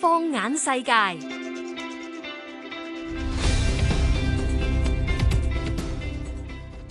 放眼世界。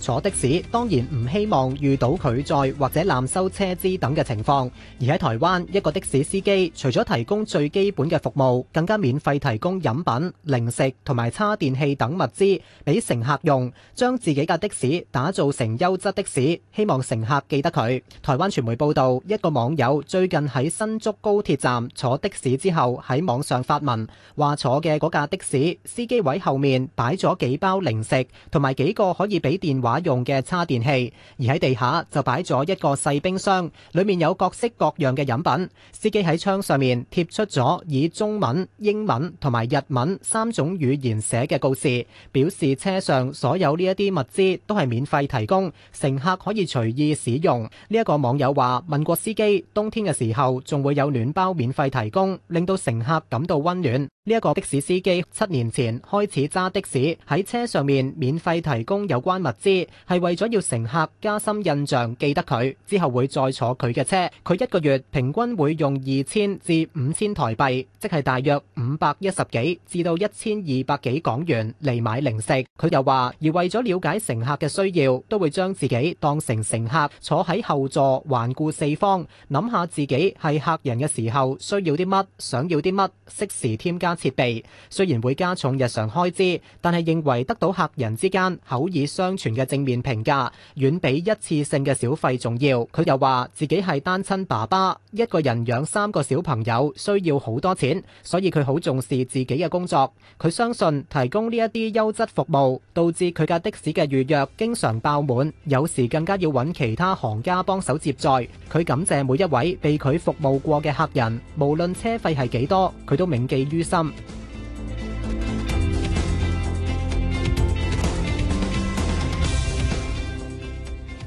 坐的士當然唔希望遇到拒載或者濫收車資等嘅情況，而喺台灣一個的士司機除咗提供最基本嘅服務，更加免費提供飲品、零食同埋叉電器等物資俾乘客用，將自己架的，的士打造成優質的士，希望乘客記得佢。台灣傳媒報導，一個網友最近喺新竹高鐵站坐的士之後喺網上發文，話坐嘅嗰架的士司機位後面擺咗幾包零食同埋幾個可以俾電話用嘅叉電器，而喺地下就擺咗一個細冰箱，裏面有各式各樣嘅飲品。司機喺窗上面貼出咗以中文、英文同埋日文三種語言寫嘅告示，表示車上所有呢一啲物資都係免費提供，乘客可以隨意使用。呢一個網友話，問過司機，冬天嘅時候仲會有暖包免費提供，令到乘客感到溫暖。呢一個的士司機七年前開始揸的士，喺車上面免費提供有關物資。係為咗要乘客加深印象，記得佢之後會再坐佢嘅車。佢一個月平均會用二千至五千台幣，即係大約五百一十幾至到一千二百幾港元嚟買零食。佢又話而為咗了解乘客嘅需要，都會將自己當成乘客坐喺後座環顧四方，諗下自己係客人嘅時候需要啲乜，想要啲乜，適時添加設備。雖然會加重日常開支，但係認為得到客人之間口耳相傳嘅正面評價遠比一次性嘅小費重要。佢又話自己係單親爸爸，一個人養三個小朋友需要好多錢，所以佢好重視自己嘅工作。佢相信提供呢一啲優質服務，導致佢架的士嘅預約經常爆滿，有時更加要揾其他行家幫手接載。佢感謝每一位被佢服務過嘅客人，無論車費係幾多，佢都銘記於心。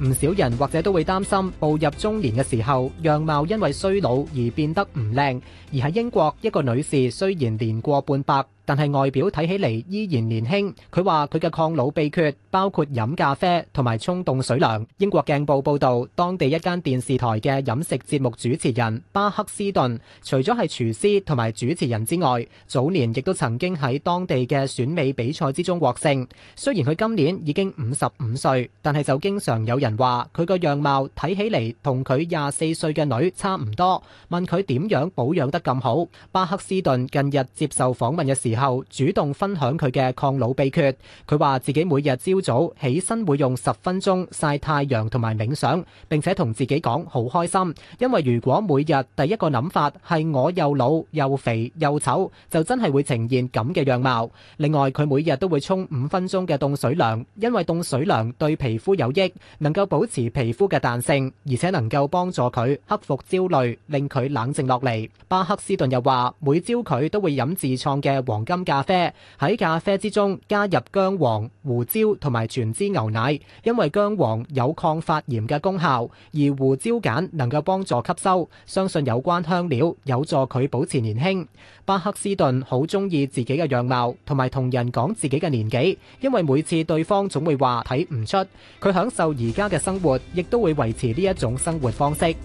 唔少人或者都會擔心步入中年嘅時候，樣貌因為衰老而變得唔靚，而喺英國，一個女士雖然年過半百。但係外表睇起嚟依然年輕。佢話佢嘅抗老秘訣包括飲咖啡同埋沖凍水涼。英國鏡報報導，當地一間電視台嘅飲食節目主持人巴克斯頓，除咗係廚師同埋主持人之外，早年亦都曾經喺當地嘅選美比賽之中獲勝。雖然佢今年已經五十五歲，但係就經常有人話佢個樣貌睇起嚟同佢廿四歲嘅女差唔多。問佢點樣保養得咁好，巴克斯頓近日接受訪問嘅時，後主動分享佢嘅抗老秘訣。佢話自己每日朝早起身會用十分鐘曬太陽同埋冥想，並且同自己講好開心，因為如果每日第一個諗法係我又老又肥又醜，就真係會呈現咁嘅樣貌。另外佢每日都會沖五分鐘嘅凍水涼，因為凍水涼對皮膚有益，能夠保持皮膚嘅彈性，而且能夠幫助佢克服焦慮，令佢冷靜落嚟。巴克斯頓又話每朝佢都會飲自創嘅黃金咖啡，喺咖啡之中加入薑黃、胡椒同埋全脂牛奶，因為薑黃有抗發炎嘅功效，而胡椒鹼能夠幫助吸收，相信有關香料有助佢保持年輕。巴克斯頓好中意自己嘅樣貌，同埋同人講自己嘅年紀，因為每次對方總會話睇唔出，佢享受而家嘅生活，亦都會維持呢一種生活方式。